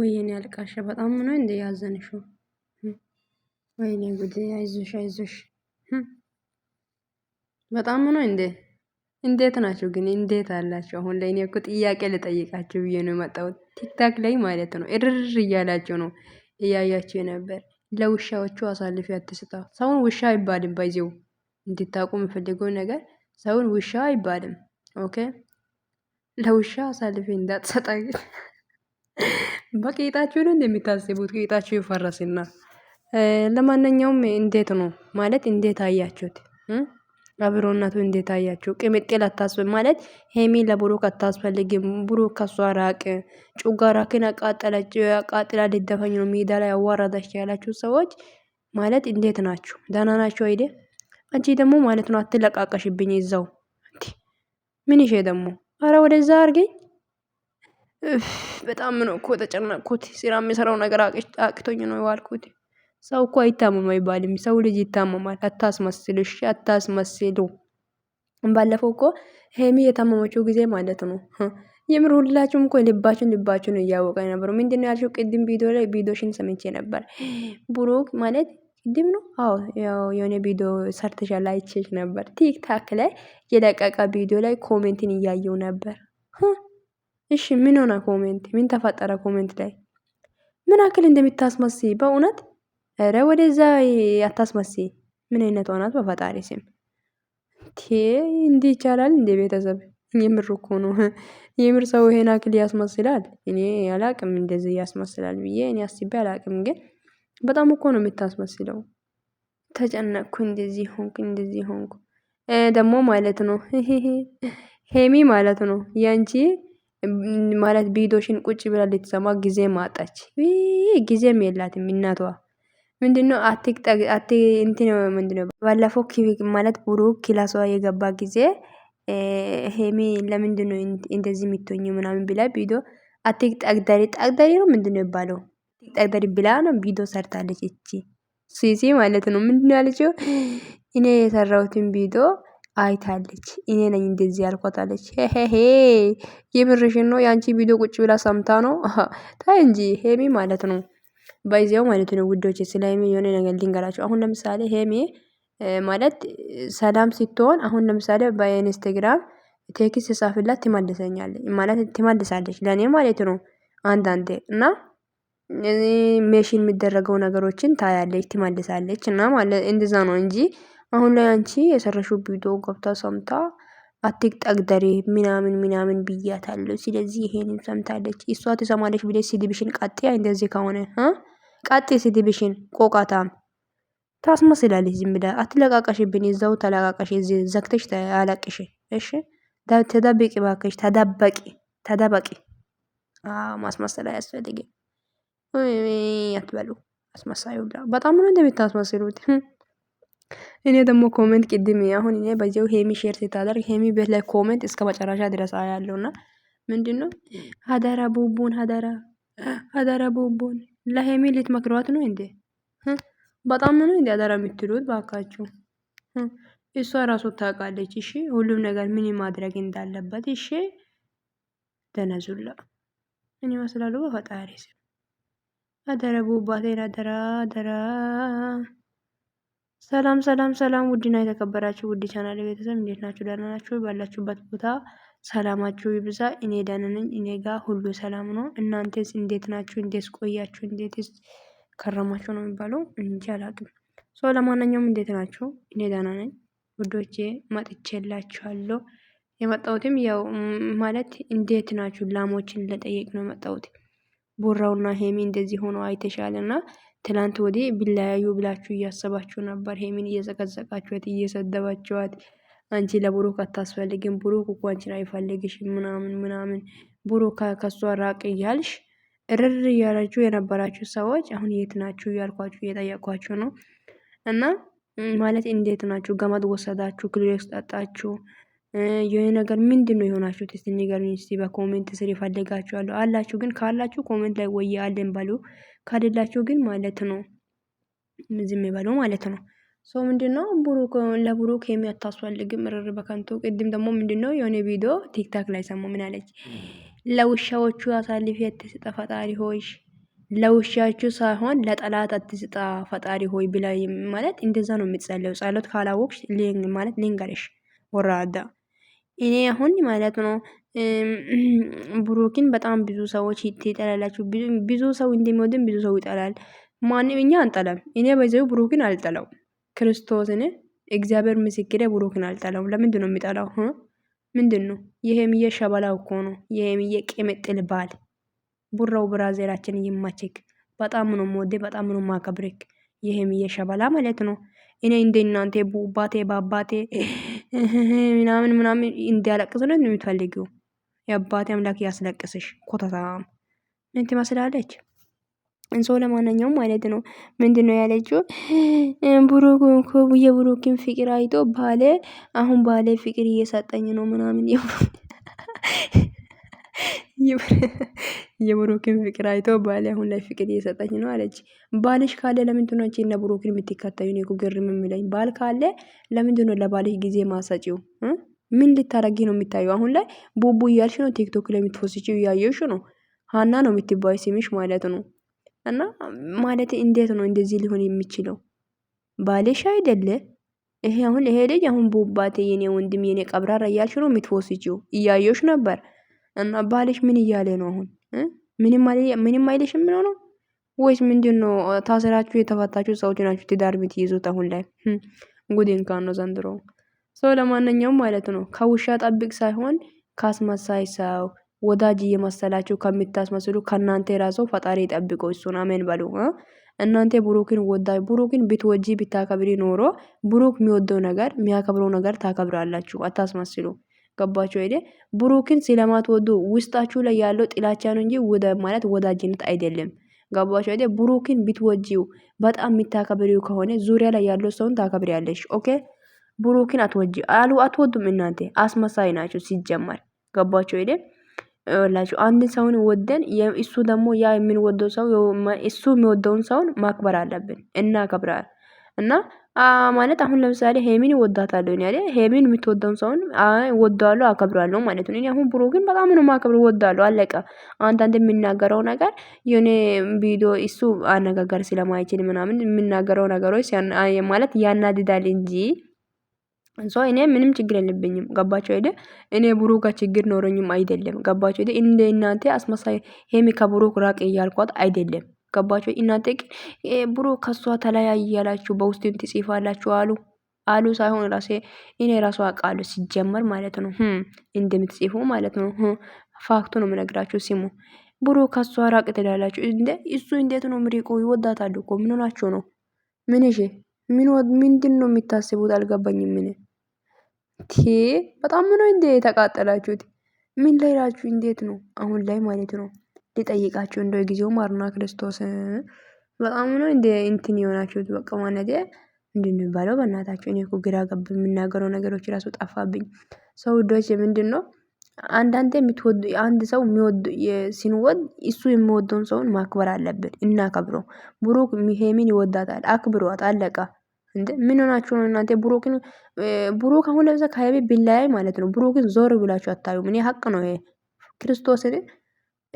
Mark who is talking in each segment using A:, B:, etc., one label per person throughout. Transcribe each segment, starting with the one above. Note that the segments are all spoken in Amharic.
A: ወይኔ አልቃሻ በጣም ነው እንደ ያዘንሽው። ወይኔ ጉዴ! አይዞሽ አይዞሽ። በጣም ነው እንዴ! እንዴት ናችሁ ግን? እንዴት አላችሁ? አሁን ላይ እኔ እኮ ጥያቄ ልጠይቃችሁ ብዬ ነው የመጣሁት። ቲክታክ ላይ ማለት ነው እርር እያላችሁ ነው እያያችሁ ነበር። ለውሻዎቹ አሳልፊ አትስጣ። ሰውን ውሻ አይባልም። ባይዜው እንድታቁ የምፈልገው ነገር ሰውን ውሻ አይባልም። ኦኬ ለውሻ አሳልፊ እንዳትሰጣ በቄጣችሁ ነው እንደሚታስቡት? ቄጣችሁ ይፈረስና። ለማንኛውም እንዴት ነው ማለት እንዴት አያችሁት? አብሮነቱ እንዴት አያችሁ? ቅምጥል አታስብ ማለት ሄሚ ለብሩክ አታስፈልግም። ብሩክ ከሷ ራቅ። ጩጋራክን አቃጠለች አቃጥላ ልደፈኝ ነው ሜዳ ላይ አዋራዳች ያላችሁ ሰዎች ማለት እንዴት ናችሁ? ደህና ናችሁ አይደ? አንቺ ደግሞ ማለት ነው አትለቃቀሽብኝ። ይዛው ምን ይሄ ደግሞ አረ ወደዛ አርገኝ በጣም ነው እኮ ተጨነቅኩት። ስራም የሚሰራው ነገር አቅቶኝ ነው የዋልኩት። ሰው እኮ አይታመም አይባልም። ሰው ልጅ ይታመማል። አታስመስል፣ እሺ አታስመስሉ። ባለፈው እኮ ሄሚ የታመመችው ጊዜ ማለት ነው የምር ሁላችሁም እኮ ልባችን ልባችን እያወቀ ነበሩ። ምንድነው ያልሽው? ቅድም ቪዲዮ ላይ ቪዲዮሽን ሰምቼ ነበር። ብሩክ ማለት ቅድም ነው? አዎ የሆነ ቪዲዮ ሰርተሻል አይቼሽ ነበር። ቲክታክ ላይ የለቀቀ ቪዲዮ ላይ ኮሜንትን እያየው ነበር። እሺ ምን ሆነ ኮሜንት ምን ተፈጠረ ኮሜንት ላይ ምን አክል እንደምታስመሲ በእውነት ረ ወደዛ አታስመሲ። ምን አይነት ሆናት በፈጣሪ ስም ቴ እንዲህ ይቻላል እንደ ቤተሰብ የምር እኮ ነው። የምር ሰው ይሄን አክል ያስመስላል። እኔ አላቅም እንደዚህ ያስመስላል ብዬ እኔ አስቤ አላቅም፣ ግን በጣም እኮ ነው የምታስመስለው። ተጨነቅኩ፣ እንደዚህ ሆንኩ፣ እንደዚህ ሆንኩ ደግሞ ማለት ነው ሄሚ ማለት ነው ያንቺ ማለት ቢዶሽን ቁጭ ብላ ልትሰማ ጊዜ ማጣች። ጊዜም የላትም እናቷ። ምንድነ አቲ እንትን ምንድነው ባለፈው ማለት ብሩክ ክላሷ የገባ ጊዜ ሄሚ ለምንድነ እንደዚህ የሚቶኝ ምናምን ብላ ቢዶ አቲክ ጠግዳሪ ጠግዳሪ ነው ምንድነ ይባለው ጠግዳሪ ብላ ነው ቢዶ ሰርታለች። እቺ ሲሲ ማለት ነው ምንድነ ያለችው እኔ የሰራሁትን ቢዶ አይታለች። እኔ ነኝ እንደዚህ ያልኳታለች። ሄሄሄ የምርሽን ነው? የአንቺ ቪዲዮ ቁጭ ብላ ሰምታ ነው? ታይ እንጂ ሄሚ ማለት ነው ባይዚያው ማለት ነው። ውዶች ስለ ሄሜ የሆነ ነገር ልንገራቸው። አሁን ለምሳሌ ሄሚ ማለት ሰላም ስትሆን፣ አሁን ለምሳሌ በኢንስታግራም ቴክስት የጻፍላት ትመልሰኛለች ማለት ትመልሳለች ለእኔ ማለት ነው። አንዳንዴ እና ሜሽን የሚደረገው ነገሮችን ታያለች ትመልሳለች እና ማለት እንደዛ ነው እንጂ አሁን ላይ አንቺ የሰረሽው ቪዲዮ ገብታ ሰምታ አትግጠግደሬ ምናምን ምናምን ብያታለሁ። ስለዚህ ይሄንን ሰምታለች። እሷ ትሰማለች ብለሽ ስድብሽን ቀጥያ። እንደዚህ ከሆነ ቀጥ ስድብሽን ቆቃታም ታስመስላለች። ዝም ብላ አትለቃቀሽብን። እዛው ተለቃቀሽ፣ ዘግተሽ አላቅሽ። እሺ ተደብቂ ባከሽ፣ ተደበቂ፣ ተደበቂ። ማስመሰል አያስፈልግም። አትበሉ አስመሳይ ሁላ። በጣም ነው እንደምታስመስሉት። እኔ ደግሞ ኮሜንት ቅድም አሁን እኔ በዚው ሄሚ ሼር ስታደርግ ሄሚ ቤት ላይ ኮሜንት እስከ መጨረሻ ድረስ አያለው እና ምንድን ነው ሀደራ ቡቡን ሀደራ ሀደራ ቡቡን ለሄሚ ልትመክሯት ነው እንዴ? በጣም ነው እንዴ ሀደራ የምትሉት ባካችሁ? እሷ ራሱ ታውቃለች። እሺ ሁሉም ነገር ምን ማድረግ እንዳለበት እሺ። ደነዙላ እኔ ይመስላሉ በፈጣሪ ስም አደራ ቡባቴን አደራ አደራ ሰላም ሰላም ሰላም ውድና የተከበራችሁ ውድ ቻናል ቤተሰብ እንዴት ናችሁ? ደህና ናችሁ? ባላችሁበት ቦታ ሰላማችሁ ይብዛ። እኔ ደህና ነኝ። እኔ ጋ ሁሉ ሰላም ነው። እናንተስ እንዴት ናችሁ? እንዴት ቆያችሁ? እንዴትስ ከረማችሁ ነው የሚባለው እንጂ አላቅም። ሰው ለማናኛውም እንዴት ናችሁ? እኔ ደህና ነኝ ውዶቼ፣ መጥቼላችኋለሁ። የመጣሁትም ያው ማለት እንዴት ናችሁ ላሞችን ለጠየቅ ነው የመጣሁት። ቡራውና ሄሚ እንደዚህ ሆኖ አይተሻልና ትላንት ወዲህ ቢለያዩ ብላችሁ እያሰባችሁ ነበር። ሄሚን እየዘቀዘቃችኋት፣ እየሰደባችኋት አንቺ ለብሩክ አታስፈልግም፣ ብሩክ እኮ አንቺን አይፈልግሽም ምናምን ምናምን ብሩክ ከሷ ራቅ እያልሽ እርር እያላችሁ የነበራችሁ ሰዎች አሁን የት ናችሁ እያልኳችሁ እየጠየቅኳችሁ ነው። እና ማለት እንዴት ናችሁ? ገመድ ወሰዳችሁ? ክሎሬክስ ጠጣችሁ? የሆነ ነገር ምንድን ነው የሆናችሁ? ቴስት ንገሩኝ እስቲ በኮሜንት ስር ይፈልጋችኋለሁ። አላችሁ ግን ካላችሁ ኮሜንት ላይ ወይ አለን በሉ። ካደላቸው ግን ማለት ነው ዝም በለው ማለት ነው። ሶ ምንድነው ብሩክ ለብሩክ የሚያታስፈልግም ምርር በከንቱ ቅድም ደግሞ ምንድነው የሆነ ቪዲዮ ቲክታክ ላይ ሰሙ ምን አለች? ለውሻዎቹ አሳልፊ አትስጣ ፈጣሪ ሆይ ለውሻችሁ ሳይሆን ለጠላት አትስጣ ፈጣሪ ሆይ ብላ ማለት እንደዛ ነው የምትጸለው። ጸሎት ካላወቅሽ ማለት ልንገርሽ ወራዳ እኔ አሁን ማለት ነው ብሩክን በጣም ብዙ ሰዎች ይጠላላችሁ። ብዙ ሰው እንደሚወድን ብዙ ሰው ይጠላል። ማንም እኛ አንጠላም። እኔ በዚሁ ብሩክን አልጠላው። ክርስቶስን እግዚአብሔር ምስክሬ ብሩክን አልጠላው። ለምንድን ነው የሚጠላው? ምንድን ነው ይሄምዬ? ሸበላ እኮ ነው ይሄም ቅምጥል ባል ቡራው ብራዜራችን ይማችክ። በጣም ነው ሞዴ፣ በጣም ነው ማከብሬክ። ይሄምዬ ሸበላ ማለት ነው። እኔ እንደ እናንተ ቡባቴ ባባቴ ምናምን ምናምን እንዲያለቅስ ነው የምትፈልጊው? የአባቴ አምላክ ያስለቅስሽ። ኮተታም ምን ትመስላለች? እንሶ ለማንኛውም ማለት ነው ምንድን ነው ያለችው? ብሩክ የብሩክን ፍቅር አይቶ ባሌ አሁን ባሌ ፍቅር እየሰጠኝ ነው ምናምን የብሩክን ፍቅር አይቶ ባሌ አሁን ላይ ፍቅር እየሰጠኝ ነው አለች። ባልሽ ካለ ለምንድነው አንቺ እና ብሩክን የምትከታዩ? እኔ እኮ ግርም የሚለኝ ባል ካለ ለምንድነው ለባልሽ ጊዜ ማሰጪው? ምን ልታረጊ ነው የምታዩ? አሁን ላይ ቡቡ እያልሽ ነው ቲክቶክ ላይ የምትፎስችው እያየሽ ነው። ሀና ነው የምትባይ ስምሽ ማለት ነው። እና ማለት እንዴት ነው እንደዚህ ሊሆን የሚችለው? ባልሽ አይደለ ይሄ አሁን ይሄ ልጅ አሁን ቦባቴ የኔ ወንድም የኔ ቀብራራ እያልሽ ነው የምትፎስችው እያየሽ ነበር እና ባልሽ ምን እያለ ነው አሁን? ምንም አይልሽም ነው ነው ወይስ ነው? ታስራችሁ የተፈታችሁ ሰዎች ናችሁ ትዳር የምትይዙት አሁን ላይ ጉድ እንኳን ነው ዘንድሮ። ሰው ለማንኛውም ማለት ነው ከውሻ ጠብቅ ሳይሆን ካስመሳይ ሰው ወዳጅ እየመሰላችሁ ከምታስመስሉ ከእናንተ ራሱ ፈጣሪ ጠብቆ እሱን አሜን በሉ። እናንተ ብሩክን ወዳ ብሩክን ብትወጂ ብታከብሪ ኖሮ ብሩክ የሚወደው ነገር የሚያከብረው ነገር ታከብራላችሁ፣ አታስመስሉ። አስገባቸው ሄደ። ብሩክን ስለማትወዱ ውስጣችሁ ላይ ያለው ጥላቻ ነው እንጂ ወደ ማለት ወዳጅነት አይደለም። ገባቸው ሄደ። ብሩክን ብትወጂው በጣም የሚታከብሪው ከሆነ ዙሪያ ላይ ያለው ሰውን ታከብሪያለሽ። ኦኬ ብሩክን አትወጂ አሉ አትወዱም። እናንተ አስመሳይ ናቸው ሲጀመር። ገባቸው ሄደ ላቸው አንድ ሰውን ወደን እሱ ደግሞ ያ የምንወደው ሰው እሱ የሚወደውን ሰውን ማክበር አለብን እና ከብራል እና ማለት አሁን ለምሳሌ ሄሚን እወዳታለሁ እኔ አይደል ሄሚን የምትወደውን ሰውን ወደዋለሁ አከብራለሁ ማለት ነው። እኔ አሁን ብሮ ግን በጣም ነው የማከብረው እወዳለሁ አለቀ። አንዳንድ የሚናገረው ነገር የሆነ ቪዲዮ እሱ አነጋገር ስለማይችል ምናምን የሚናገረው ነገሮች ማለት ያናድዳል እንጂ ሶ እኔ ምንም ችግር የለብኝም። ገባቸው ሄደ እኔ ብሩ ጋር ችግር ኖረኝም አይደለም ገባቸው ሄደ እንደ እናንተ አስመሳይ ሄሚ ከብሩክ ራቅ እያልኳት አይደለም ገባቸው። እናንተ ብሮ ከሷ ተለያይ ያላችሁ በውስጥም ትጽፋላችሁ አሉ አሉ ሳይሆን ራሴ እኔ ራሱ አቃሉ ሲጀመር ማለት ነው እንደምትጽፉ ማለት ነው። ፋክቱ ነው የምነግራችሁ። ሲሙ ብሮ ከሷ ራቅ ትላላችሁ እንደ እሱ እንዴት ነው ምሪቁ ይወዳታል እኮ ምን ሆናችሁ ነው? ምን እሺ ምን ምንድን ነው የሚታስቡት? አልገባኝም። ምን ቲ በጣም ነው እንዴ የተቃጠላችሁት? ምን ላይ ናችሁ? እንዴት ነው አሁን ላይ ማለት ነው? ሊጠይቃቸው እንደ ጊዜው ማሩና ክርስቶስ በጣም ነው እንደ እንትን የሆናችሁት። በቃ ማለቴ እንድንባለው በእናታችሁ እኔ እኮ ግራ ገብ የምናገረው ነገሮች ራሱ ጠፋብኝ። ሰው ዶች ምንድን ነው አንዳንድ የምትወዱ አንድ ሰው የሚወድ ሲንወድ እሱ የሚወደውን ሰውን ማክበር አለብን። እናከብሮ ብሩክ ሚሄሚን ይወዳታል፣ አክብሯት። አለቃ እንዴ ምን ሆናችሁ ነው እናንተ? ብሩክን ብሩክ አሁን ለምሳሌ ከሀይቤ ቢላይ ማለት ነው ብሩክን ዞር ብላችሁ አታዩም። እኔ ሀቅ ነው ይሄ ክርስቶስን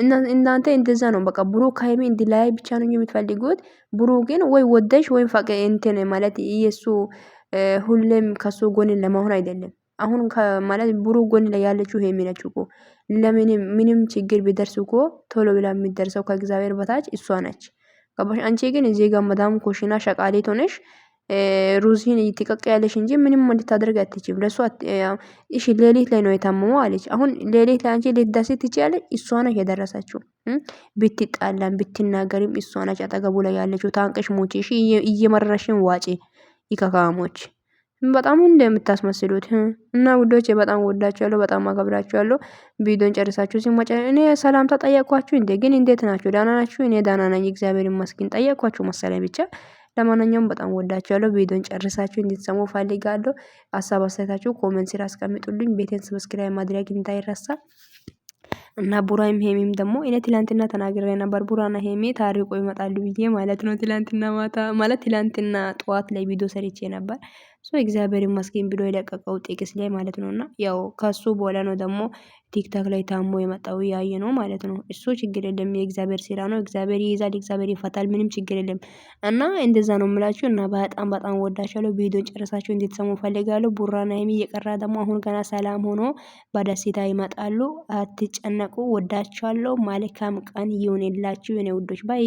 A: እናንተ እንደዛ ነው በቃ ብሩክ ሀይሚ እንዲለያይ ብቻ ነው የምትፈልጉት። ብሩክ ግን ወይ ወደሽ ወይም ፈቀ እንትን ማለት የሱ ሁሌም ከሱ ጎን ለመሆን አይደለም። አሁን ማለት ብሩክ ጎን ላይ ያለችው ሀይሚ ነች እኮ። ምንም ችግር ቢደርስ እኮ ቶሎ ብላ የሚደርሰው ከእግዚአብሔር በታች እሷ ነች። ገባሽ? አንቺ ግን እዚህ ጋር መዳም ኮሽና ሸቃሌት ሆነሽ ሩዚን ያለሽ እንጂ ምንም እንድታደርግ አትችም። ለእሷ እሺ፣ ሌሊት ላይ ነው የታመመው አለች። አሁን ሌሊት ላይ አንቺ ልትደርሺ ትችያለሽ። እሷ ነች የደረሰችው። ብትጣላም ብትናገርም እሷ ነች አጠገቡ ላይ ያለችው። ታንቀሽ ሙጪ፣ እሺ፣ እየመረረሽን ዋጪ። ይከካሞች በጣም እንደምታስመስሉት እና ውዶቼ፣ በጣም ወዳችኋለሁ፣ በጣም አከብራችኋለሁ። ቪዲዮን ጨርሳችሁ ሲመጨ እኔ ሰላምታ ጠየኳችሁ እንዴ? ግን እንዴት ናችሁ? ዳና ናችሁ? እኔ ዳና ነኝ፣ እግዚአብሔር ይመስገን። ጠየኳችሁ መሰለኝ ብቻ ለማንኛውም በጣም ወዳችኋለሁ። ቪዲዮን ጨርሳችሁ እንድትሰሙ ፈልጋለሁ። ሀሳብ አስተያየታችሁ ኮመንት ስር አስቀምጡልኝ። ቤቴን ሰብስክራይብ ማድረግ እንዳይረሳ እና ቡራይም ሄሜም ደግሞ እኔ ትላንትና ተናግሬ ነበር። ቡራና ሄሜ ታሪቆ ይመጣሉ ብዬ ማለት ነው። ትላንትና ማታ ማለት ትላንትና ጠዋት ላይ ቪዲዮ ሰርቼ ነበር። ሶ እግዚአብሔር ይመስገን ብሎ የለቀቀው ጥቅስ ላይ ማለት ነው። እና ያው ከሱ በኋላ ነው ደግሞ ቲክታክ ላይ ታሞ የመጣው ያየ ነው ማለት ነው። እሱ ችግር የለም፣ የእግዚአብሔር ስራ ነው። እግዚአብሔር ይይዛል፣ እግዚአብሔር ይፈታል። ምንም ችግር የለም። እና እንደዛ ነው የምላችሁ። እና በጣም በጣም ወዳችኋለሁ። ቪዲዮን ጨረሳችሁ እንድትሰሙ ፈልጋለሁ። ቡራና ሀይሚ እየቀራ ደግሞ አሁን ገና ሰላም ሆኖ በደስታ ይመጣሉ። አትጨነቁ። ወዳችኋለሁ። መልካም ቀን ይሁንላችሁ የኔ ውዶች ባይ